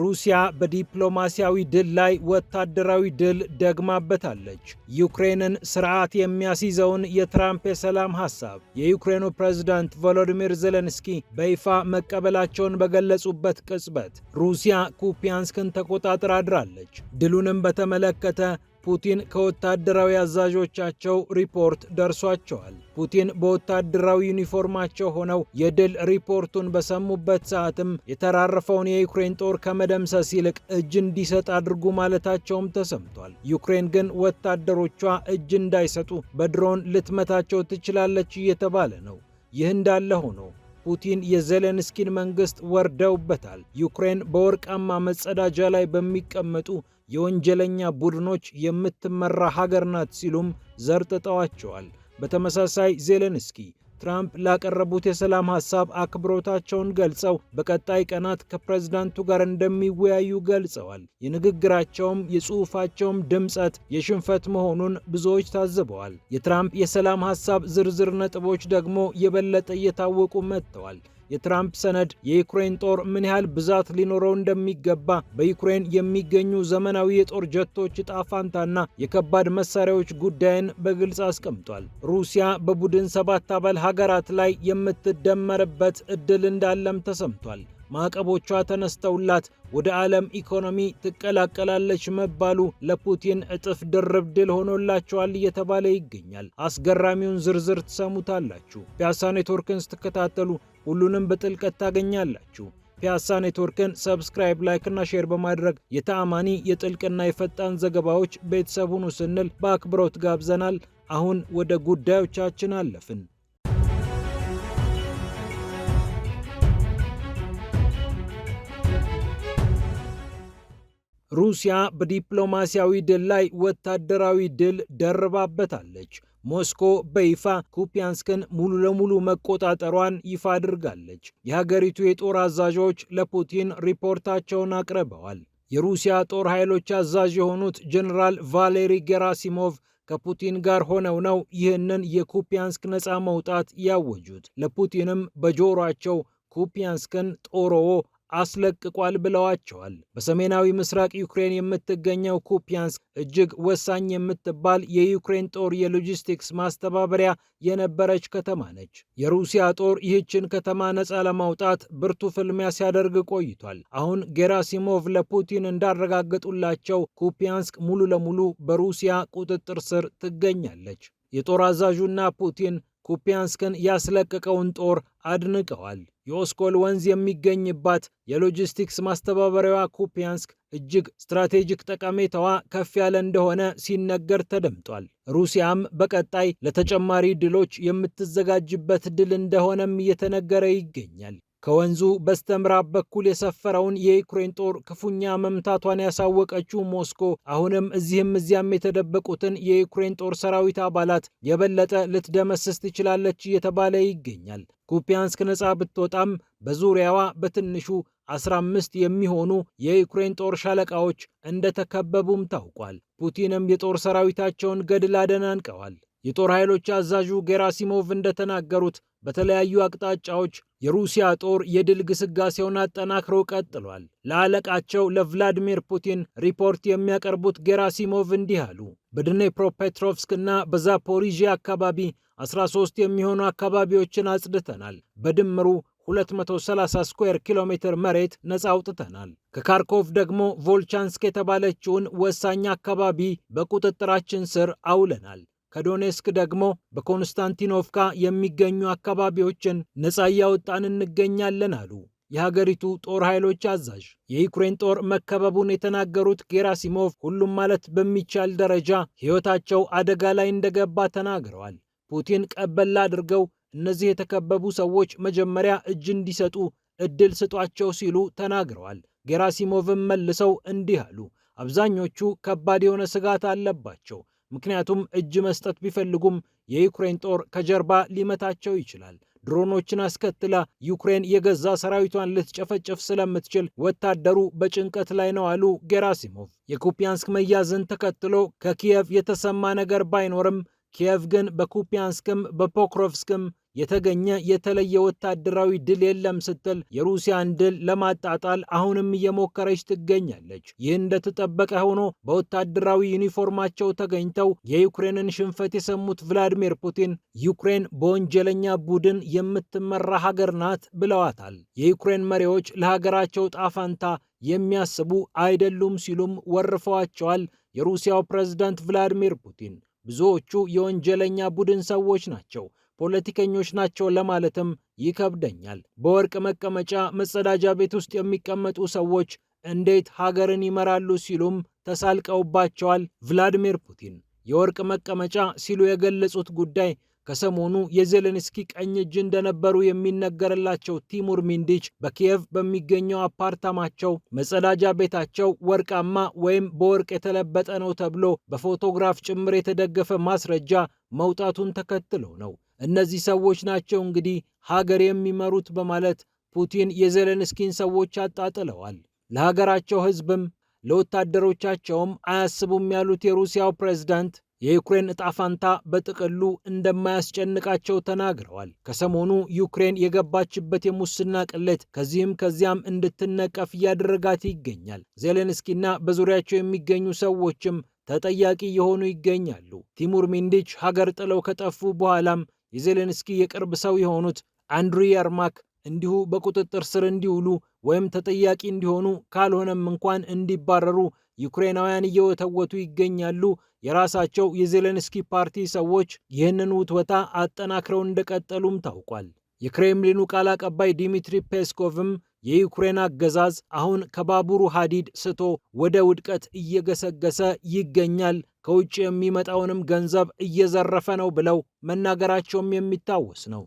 ሩሲያ በዲፕሎማሲያዊ ድል ላይ ወታደራዊ ድል ደግማበታለች። ዩክሬንን ስርዓት የሚያስይዘውን የትራምፕ የሰላም ሐሳብ የዩክሬኑ ፕሬዝዳንት ቮሎዲሚር ዜሌንስኪ በይፋ መቀበላቸውን በገለጹበት ቅጽበት ሩሲያ ኩፒያንስክን ተቆጣጥራ አድራለች። ድሉንም በተመለከተ ፑቲን ከወታደራዊ አዛዦቻቸው ሪፖርት ደርሷቸዋል። ፑቲን በወታደራዊ ዩኒፎርማቸው ሆነው የድል ሪፖርቱን በሰሙበት ሰዓትም የተራረፈውን የዩክሬን ጦር ከመደምሰስ ይልቅ እጅ እንዲሰጥ አድርጉ ማለታቸውም ተሰምቷል። ዩክሬን ግን ወታደሮቿ እጅ እንዳይሰጡ በድሮን ልትመታቸው ትችላለች እየተባለ ነው። ይህ እንዳለ ሆኖ ፑቲን የዜሌንስኪን መንግስት ወርደውበታል። ዩክሬን በወርቃማ መጸዳጃ ላይ በሚቀመጡ የወንጀለኛ ቡድኖች የምትመራ ሀገር ናት ሲሉም ዘርጥጠዋቸዋል። በተመሳሳይ ዜሌንስኪ ትራምፕ ላቀረቡት የሰላም ሐሳብ አክብሮታቸውን ገልጸው በቀጣይ ቀናት ከፕሬዝዳንቱ ጋር እንደሚወያዩ ገልጸዋል። የንግግራቸውም የጽሑፋቸውም ድምጸት የሽንፈት መሆኑን ብዙዎች ታዝበዋል። የትራምፕ የሰላም ሐሳብ ዝርዝር ነጥቦች ደግሞ የበለጠ እየታወቁ መጥተዋል። የትራምፕ ሰነድ የዩክሬን ጦር ምን ያህል ብዛት ሊኖረው እንደሚገባ፣ በዩክሬን የሚገኙ ዘመናዊ የጦር ጀቶች ዕጣ ፋንታና የከባድ መሳሪያዎች ጉዳይን በግልጽ አስቀምጧል። ሩሲያ በቡድን ሰባት አባል ሀገራት ላይ የምትደመርበት እድል እንዳለም ተሰምቷል። ማዕቀቦቿ ተነስተውላት ወደ ዓለም ኢኮኖሚ ትቀላቀላለች መባሉ ለፑቲን እጥፍ ድርብ ድል ሆኖላቸዋል እየተባለ ይገኛል። አስገራሚውን ዝርዝር ትሰሙታላችሁ። ፒያሳ ኔትወርክን ስትከታተሉ ሁሉንም በጥልቀት ታገኛላችሁ። ፒያሳ ኔትወርክን ሰብስክራይብ፣ ላይክና ሼር በማድረግ የተአማኒ የጥልቅና የፈጣን ዘገባዎች ቤተሰብ ሁኑ ስንል በአክብሮት ጋብዘናል። አሁን ወደ ጉዳዮቻችን አለፍን። ሩሲያ በዲፕሎማሲያዊ ድል ላይ ወታደራዊ ድል ደርባበታለች። ሞስኮ በይፋ ኩፒያንስክን ሙሉ ለሙሉ መቆጣጠሯን ይፋ አድርጋለች። የሀገሪቱ የጦር አዛዦች ለፑቲን ሪፖርታቸውን አቅርበዋል። የሩሲያ ጦር ኃይሎች አዛዥ የሆኑት ጀኔራል ቫሌሪ ጌራሲሞቭ ከፑቲን ጋር ሆነው ነው ይህንን የኩፒያንስክ ነፃ መውጣት ያወጁት። ለፑቲንም በጆሯቸው ኩፒያንስክን ጦሮዎ አስለቅቋል ብለዋቸዋል። በሰሜናዊ ምስራቅ ዩክሬን የምትገኘው ኩፒያንስክ እጅግ ወሳኝ የምትባል የዩክሬን ጦር የሎጂስቲክስ ማስተባበሪያ የነበረች ከተማ ነች። የሩሲያ ጦር ይህችን ከተማ ነፃ ለማውጣት ብርቱ ፍልሚያ ሲያደርግ ቆይቷል። አሁን ጌራሲሞቭ ለፑቲን እንዳረጋገጡላቸው ኩፒያንስክ ሙሉ ለሙሉ በሩሲያ ቁጥጥር ስር ትገኛለች። የጦር አዛዡና ፑቲን ኩፒያንስክን ያስለቀቀውን ጦር አድንቀዋል። የኦስኮል ወንዝ የሚገኝባት የሎጂስቲክስ ማስተባበሪያዋ ኩፒያንስክ እጅግ ስትራቴጂክ ጠቀሜታዋ ከፍ ያለ እንደሆነ ሲነገር ተደምጧል። ሩሲያም በቀጣይ ለተጨማሪ ድሎች የምትዘጋጅበት ድል እንደሆነም እየተነገረ ይገኛል። ከወንዙ በስተምዕራብ በኩል የሰፈረውን የዩክሬን ጦር ክፉኛ መምታቷን ያሳወቀችው ሞስኮ አሁንም እዚህም እዚያም የተደበቁትን የዩክሬን ጦር ሰራዊት አባላት የበለጠ ልትደመስስ ትችላለች እየተባለ ይገኛል። ኩፒያንስክ ነጻ ብትወጣም በዙሪያዋ በትንሹ 15 የሚሆኑ የዩክሬን ጦር ሻለቃዎች እንደተከበቡም ታውቋል። ፑቲንም የጦር ሰራዊታቸውን ገድል አደናንቀዋል። የጦር ኃይሎች አዛዡ ጌራሲሞቭ እንደተናገሩት በተለያዩ አቅጣጫዎች የሩሲያ ጦር የድል ግስጋሴውን አጠናክሮ ቀጥሏል። ለአለቃቸው ለቭላዲሚር ፑቲን ሪፖርት የሚያቀርቡት ጌራሲሞቭ እንዲህ አሉ። በድኔፕሮፔትሮቭስክ እና በዛፖሪዥያ አካባቢ 13 የሚሆኑ አካባቢዎችን አጽድተናል። በድምሩ 230 ስኩዌር ኪሎ ሜትር መሬት ነፃ አውጥተናል። ከካርኮቭ ደግሞ ቮልቻንስክ የተባለችውን ወሳኝ አካባቢ በቁጥጥራችን ስር አውለናል። ከዶኔስክ ደግሞ በኮንስታንቲኖቭካ የሚገኙ አካባቢዎችን ነጻ እያወጣን እንገኛለን አሉ። የሀገሪቱ ጦር ኃይሎች አዛዥ የዩክሬን ጦር መከበቡን የተናገሩት ጌራሲሞቭ ሁሉም ማለት በሚቻል ደረጃ ሕይወታቸው አደጋ ላይ እንደገባ ተናግረዋል። ፑቲን ቀበላ አድርገው እነዚህ የተከበቡ ሰዎች መጀመሪያ እጅ እንዲሰጡ እድል ስጧቸው ሲሉ ተናግረዋል። ጌራሲሞቭም መልሰው እንዲህ አሉ። አብዛኞቹ ከባድ የሆነ ስጋት አለባቸው። ምክንያቱም እጅ መስጠት ቢፈልጉም የዩክሬን ጦር ከጀርባ ሊመታቸው ይችላል። ድሮኖችን አስከትላ ዩክሬን የገዛ ሰራዊቷን ልትጨፈጭፍ ስለምትችል ወታደሩ በጭንቀት ላይ ነው አሉ ጌራሲሞቭ። የኩፒያንስክ መያዝን ተከትሎ ከኪየቭ የተሰማ ነገር ባይኖርም ኪየቭ ግን በኩፒያንስክም በፖክሮቭስክም የተገኘ የተለየ ወታደራዊ ድል የለም ስትል የሩሲያን ድል ለማጣጣል አሁንም እየሞከረች ትገኛለች። ይህ እንደተጠበቀ ሆኖ በወታደራዊ ዩኒፎርማቸው ተገኝተው የዩክሬንን ሽንፈት የሰሙት ቭላዲሚር ፑቲን ዩክሬን በወንጀለኛ ቡድን የምትመራ ሀገር ናት ብለዋታል። የዩክሬን መሪዎች ለሀገራቸው ጣፋንታ የሚያስቡ አይደሉም ሲሉም ወርፈዋቸዋል። የሩሲያው ፕሬዝዳንት ቭላዲሚር ፑቲን ብዙዎቹ የወንጀለኛ ቡድን ሰዎች ናቸው ፖለቲከኞች ናቸው ለማለትም ይከብደኛል። በወርቅ መቀመጫ መጸዳጃ ቤት ውስጥ የሚቀመጡ ሰዎች እንዴት ሀገርን ይመራሉ ሲሉም ተሳልቀውባቸዋል ቭላዲሚር ፑቲን። የወርቅ መቀመጫ ሲሉ የገለጹት ጉዳይ ከሰሞኑ የዜሌንስኪ ቀኝ እጅ እንደነበሩ የሚነገርላቸው ቲሙር ሚንዲች በኪየቭ በሚገኘው አፓርታማቸው መጸዳጃ ቤታቸው ወርቃማ ወይም በወርቅ የተለበጠ ነው ተብሎ በፎቶግራፍ ጭምር የተደገፈ ማስረጃ መውጣቱን ተከትሎ ነው። እነዚህ ሰዎች ናቸው እንግዲህ ሀገር የሚመሩት በማለት ፑቲን የዜሌንስኪን ሰዎች አጣጥለዋል። ለሀገራቸው ሕዝብም ለወታደሮቻቸውም አያስቡም ያሉት የሩሲያው ፕሬዝዳንት የዩክሬን እጣ ፋንታ በጥቅሉ እንደማያስጨንቃቸው ተናግረዋል። ከሰሞኑ ዩክሬን የገባችበት የሙስና ቅሌት ከዚህም ከዚያም እንድትነቀፍ እያደረጋት ይገኛል። ዜሌንስኪና በዙሪያቸው የሚገኙ ሰዎችም ተጠያቂ የሆኑ ይገኛሉ። ቲሙር ሚንዲች ሀገር ጥለው ከጠፉ በኋላም የዜሌንስኪ የቅርብ ሰው የሆኑት አንድሪ የርማክ እንዲሁ በቁጥጥር ስር እንዲውሉ ወይም ተጠያቂ እንዲሆኑ ካልሆነም እንኳን እንዲባረሩ ዩክሬናውያን እየወተወቱ ይገኛሉ። የራሳቸው የዜሌንስኪ ፓርቲ ሰዎች ይህንን ውትወታ አጠናክረው እንደቀጠሉም ታውቋል። የክሬምሊኑ ቃል አቀባይ ዲሚትሪ ፔስኮቭም የዩክሬን አገዛዝ አሁን ከባቡሩ ሀዲድ ስቶ ወደ ውድቀት እየገሰገሰ ይገኛል፣ ከውጭ የሚመጣውንም ገንዘብ እየዘረፈ ነው ብለው መናገራቸውም የሚታወስ ነው።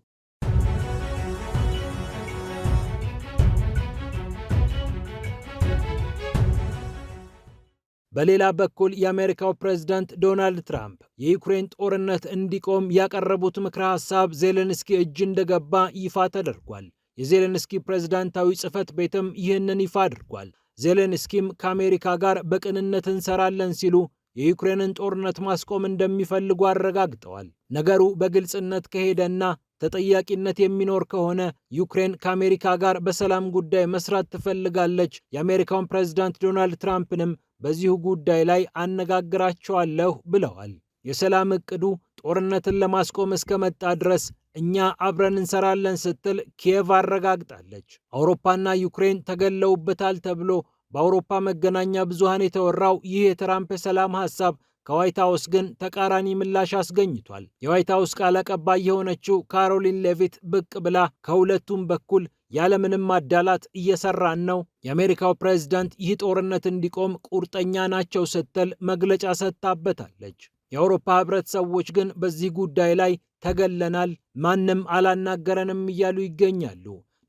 በሌላ በኩል የአሜሪካው ፕሬዝዳንት ዶናልድ ትራምፕ የዩክሬን ጦርነት እንዲቆም ያቀረቡት ምክረ ሐሳብ ዜሌንስኪ እጅ እንደገባ ይፋ ተደርጓል። የዜሌንስኪ ፕሬዝዳንታዊ ጽህፈት ቤትም ይህንን ይፋ አድርጓል። ዜሌንስኪም ከአሜሪካ ጋር በቅንነት እንሰራለን ሲሉ የዩክሬንን ጦርነት ማስቆም እንደሚፈልጉ አረጋግጠዋል። ነገሩ በግልጽነት ከሄደና ተጠያቂነት የሚኖር ከሆነ ዩክሬን ከአሜሪካ ጋር በሰላም ጉዳይ መስራት ትፈልጋለች። የአሜሪካውን ፕሬዝዳንት ዶናልድ ትራምፕንም በዚሁ ጉዳይ ላይ አነጋግራቸዋለሁ ብለዋል። የሰላም እቅዱ ጦርነትን ለማስቆም እስከመጣ ድረስ እኛ አብረን እንሰራለን ስትል ኪየቭ አረጋግጣለች። አውሮፓና ዩክሬን ተገለውበታል ተብሎ በአውሮፓ መገናኛ ብዙሃን የተወራው ይህ የትራምፕ የሰላም ሀሳብ ከዋይት ሀውስ ግን ተቃራኒ ምላሽ አስገኝቷል። የዋይት ሀውስ ቃል አቀባይ የሆነችው ካሮሊን ሌቪት ብቅ ብላ ከሁለቱም በኩል ያለምንም ማዳላት እየሰራን ነው፣ የአሜሪካው ፕሬዝዳንት ይህ ጦርነት እንዲቆም ቁርጠኛ ናቸው ስትል መግለጫ ሰጥታበታለች። የአውሮፓ ህብረት ሰዎች ግን በዚህ ጉዳይ ላይ ተገለናል፣ ማንም አላናገረንም እያሉ ይገኛሉ።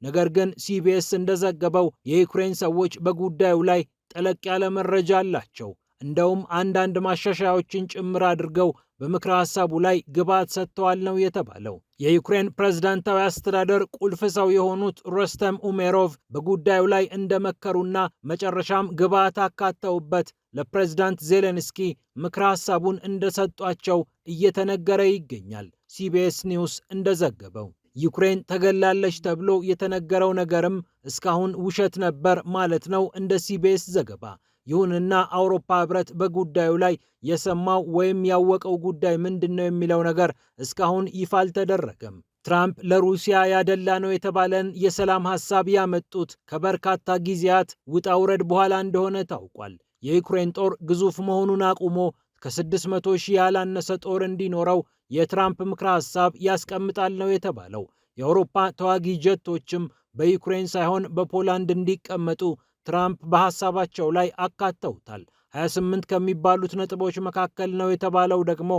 ነገር ግን ሲቢኤስ እንደዘገበው የዩክሬን ሰዎች በጉዳዩ ላይ ጠለቅ ያለ መረጃ አላቸው። እንደውም አንዳንድ ማሻሻያዎችን ጭምር አድርገው በምክረ ሐሳቡ ላይ ግብዓት ሰጥተዋል ነው የተባለው። የዩክሬን ፕሬዝዳንታዊ አስተዳደር ቁልፍ ሰው የሆኑት ሮስተም ኡሜሮቭ በጉዳዩ ላይ እንደመከሩና መጨረሻም ግብዓት አካተውበት ለፕሬዝዳንት ዜሌንስኪ ምክረ ሐሳቡን እንደሰጧቸው እየተነገረ ይገኛል። ሲቢኤስ ኒውስ እንደዘገበው ዩክሬን ተገላለች ተብሎ የተነገረው ነገርም እስካሁን ውሸት ነበር ማለት ነው እንደ ሲቢኤስ ዘገባ። ይሁንና አውሮፓ ህብረት በጉዳዩ ላይ የሰማው ወይም ያወቀው ጉዳይ ምንድን ነው የሚለው ነገር እስካሁን ይፋ አልተደረገም። ትራምፕ ለሩሲያ ያደላ ነው የተባለን የሰላም ሐሳብ ያመጡት ከበርካታ ጊዜያት ውጣ ውረድ በኋላ እንደሆነ ታውቋል። የዩክሬን ጦር ግዙፍ መሆኑን አቁሞ ከ600 ሺህ ያላነሰ ጦር እንዲኖረው የትራምፕ ምክረ ሀሳብ ያስቀምጣል ነው የተባለው። የአውሮፓ ተዋጊ ጀቶችም በዩክሬን ሳይሆን በፖላንድ እንዲቀመጡ ትራምፕ በሀሳባቸው ላይ አካተውታል። 28 ከሚባሉት ነጥቦች መካከል ነው የተባለው ደግሞ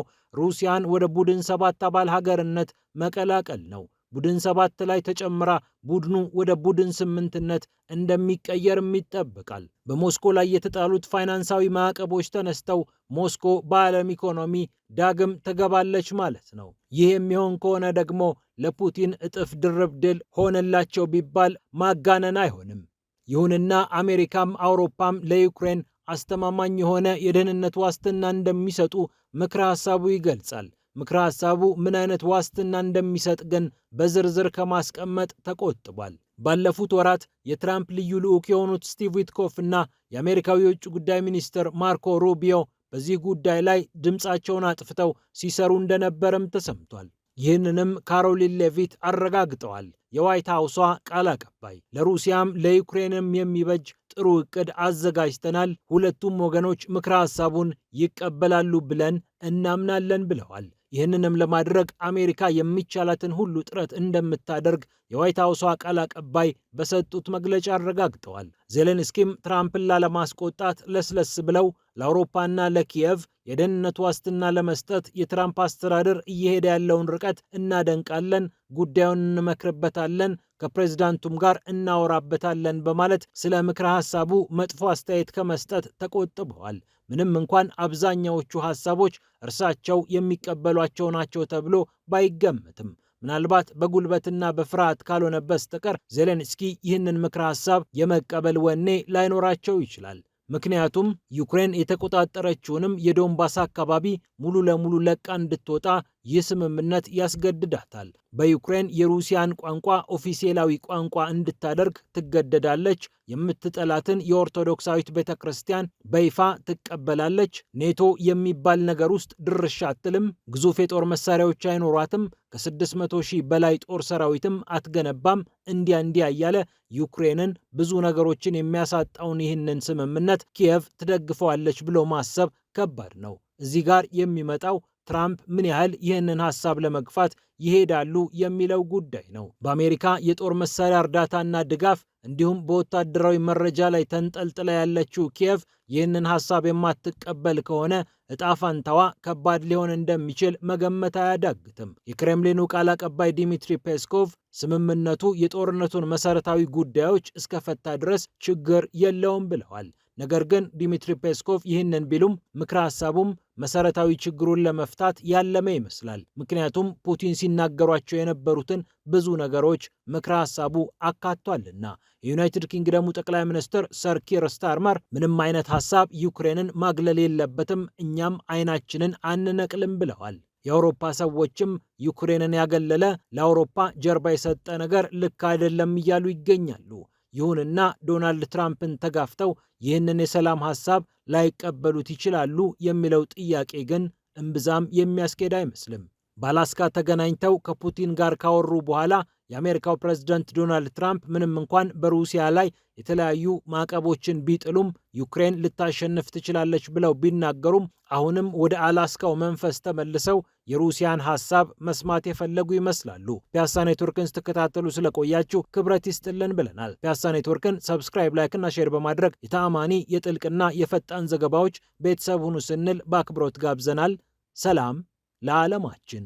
ሩሲያን ወደ ቡድን ሰባት አባል ሀገርነት መቀላቀል ነው። ቡድን ሰባት ላይ ተጨምራ ቡድኑ ወደ ቡድን ስምንትነት እንደሚቀየርም ይጠበቃል። በሞስኮ ላይ የተጣሉት ፋይናንሳዊ ማዕቀቦች ተነስተው ሞስኮ በዓለም ኢኮኖሚ ዳግም ተገባለች ማለት ነው። ይህ የሚሆን ከሆነ ደግሞ ለፑቲን እጥፍ ድርብ ድል ሆነላቸው ቢባል ማጋነን አይሆንም። ይሁንና አሜሪካም አውሮፓም ለዩክሬን አስተማማኝ የሆነ የደህንነት ዋስትና እንደሚሰጡ ምክረ ሀሳቡ ይገልጻል። ምክረ ሐሳቡ ምን አይነት ዋስትና እንደሚሰጥ ግን በዝርዝር ከማስቀመጥ ተቆጥቧል። ባለፉት ወራት የትራምፕ ልዩ ልዑክ የሆኑት ስቲቭ ዊትኮፍ እና የአሜሪካዊ የውጭ ጉዳይ ሚኒስትር ማርኮ ሩቢዮ በዚህ ጉዳይ ላይ ድምፃቸውን አጥፍተው ሲሰሩ እንደነበረም ተሰምቷል። ይህንንም ካሮሊን ሌቪት አረጋግጠዋል። የዋይት ሐውሷ ቃል አቀባይ ለሩሲያም ለዩክሬንም የሚበጅ ጥሩ ዕቅድ አዘጋጅተናል፣ ሁለቱም ወገኖች ምክረ ሐሳቡን ይቀበላሉ ብለን እናምናለን ብለዋል። ይህንንም ለማድረግ አሜሪካ የሚቻላትን ሁሉ ጥረት እንደምታደርግ የዋይት ሀውሷ ቃል አቀባይ በሰጡት መግለጫ አረጋግጠዋል። ዜሌንስኪም ትራምፕን ላለማስቆጣት ለስለስ ብለው ለአውሮፓና ለኪየቭ የደህንነት ዋስትና ለመስጠት የትራምፕ አስተዳደር እየሄደ ያለውን ርቀት እናደንቃለን፣ ጉዳዩን እንመክርበታለን፣ ከፕሬዚዳንቱም ጋር እናወራበታለን በማለት ስለ ምክረ ሀሳቡ መጥፎ አስተያየት ከመስጠት ተቆጥበዋል። ምንም እንኳን አብዛኛዎቹ ሀሳቦች እርሳቸው የሚቀበሏቸው ናቸው ተብሎ ባይገመትም ምናልባት በጉልበትና በፍርሃት ካልሆነ በስተቀር ዜሌንስኪ ይህንን ምክረ ሀሳብ የመቀበል ወኔ ላይኖራቸው ይችላል። ምክንያቱም ዩክሬን የተቆጣጠረችውንም የዶንባስ አካባቢ ሙሉ ለሙሉ ለቃ እንድትወጣ ይህ ስምምነት ያስገድዳታል። በዩክሬን የሩሲያን ቋንቋ ኦፊሴላዊ ቋንቋ እንድታደርግ ትገደዳለች። የምትጠላትን የኦርቶዶክሳዊት ቤተ ክርስቲያን በይፋ ትቀበላለች። ኔቶ የሚባል ነገር ውስጥ ድርሻ አትልም። ግዙፍ የጦር መሳሪያዎች አይኖሯትም። ከ600 ሺህ በላይ ጦር ሰራዊትም አትገነባም። እንዲያ እንዲያ እያለ ዩክሬንን ብዙ ነገሮችን የሚያሳጣውን ይህንን ስምምነት ኪየቭ ትደግፈዋለች ብሎ ማሰብ ከባድ ነው። እዚህ ጋር የሚመጣው ትራምፕ ምን ያህል ይህንን ሀሳብ ለመግፋት ይሄዳሉ የሚለው ጉዳይ ነው። በአሜሪካ የጦር መሳሪያ እርዳታና ድጋፍ እንዲሁም በወታደራዊ መረጃ ላይ ተንጠልጥላ ያለችው ኪየቭ ይህንን ሀሳብ የማትቀበል ከሆነ እጣፋንታዋ ከባድ ሊሆን እንደሚችል መገመት አያዳግትም። የክሬምሊኑ ቃል አቀባይ ዲሚትሪ ፔስኮቭ ስምምነቱ የጦርነቱን መሠረታዊ ጉዳዮች እስከፈታ ድረስ ችግር የለውም ብለዋል። ነገር ግን ዲሚትሪ ፔስኮቭ ይህንን ቢሉም ምክረ ሀሳቡም መሰረታዊ ችግሩን ለመፍታት ያለመ ይመስላል። ምክንያቱም ፑቲን ሲናገሯቸው የነበሩትን ብዙ ነገሮች ምክረ ሀሳቡ አካቷልና። የዩናይትድ ኪንግደሙ ጠቅላይ ሚኒስትር ሰር ኪር ስታርመር ምንም አይነት ሀሳብ ዩክሬንን ማግለል የለበትም፣ እኛም አይናችንን አንነቅልም ብለዋል። የአውሮፓ ሰዎችም ዩክሬንን ያገለለ ለአውሮፓ ጀርባ የሰጠ ነገር ልክ አይደለም እያሉ ይገኛሉ። ይሁንና ዶናልድ ትራምፕን ተጋፍተው ይህንን የሰላም ሀሳብ ላይቀበሉት ይችላሉ የሚለው ጥያቄ ግን እምብዛም የሚያስኬድ አይመስልም። በአላስካ ተገናኝተው ከፑቲን ጋር ካወሩ በኋላ የአሜሪካው ፕሬዝደንት ዶናልድ ትራምፕ ምንም እንኳን በሩሲያ ላይ የተለያዩ ማዕቀቦችን ቢጥሉም ዩክሬን ልታሸንፍ ትችላለች ብለው ቢናገሩም አሁንም ወደ አላስካው መንፈስ ተመልሰው የሩሲያን ሀሳብ መስማት የፈለጉ ይመስላሉ። ፒያሳ ኔትወርክን ስትከታተሉ ስለቆያችሁ ክብረት ይስጥልን ብለናል። ፒያሳ ኔትወርክን ሰብስክራይብ፣ ላይክና ሼር በማድረግ የተአማኒ የጥልቅና የፈጣን ዘገባዎች ቤተሰብ ሁኑ ስንል በአክብሮት ጋብዘናል። ሰላም ለዓለማችን።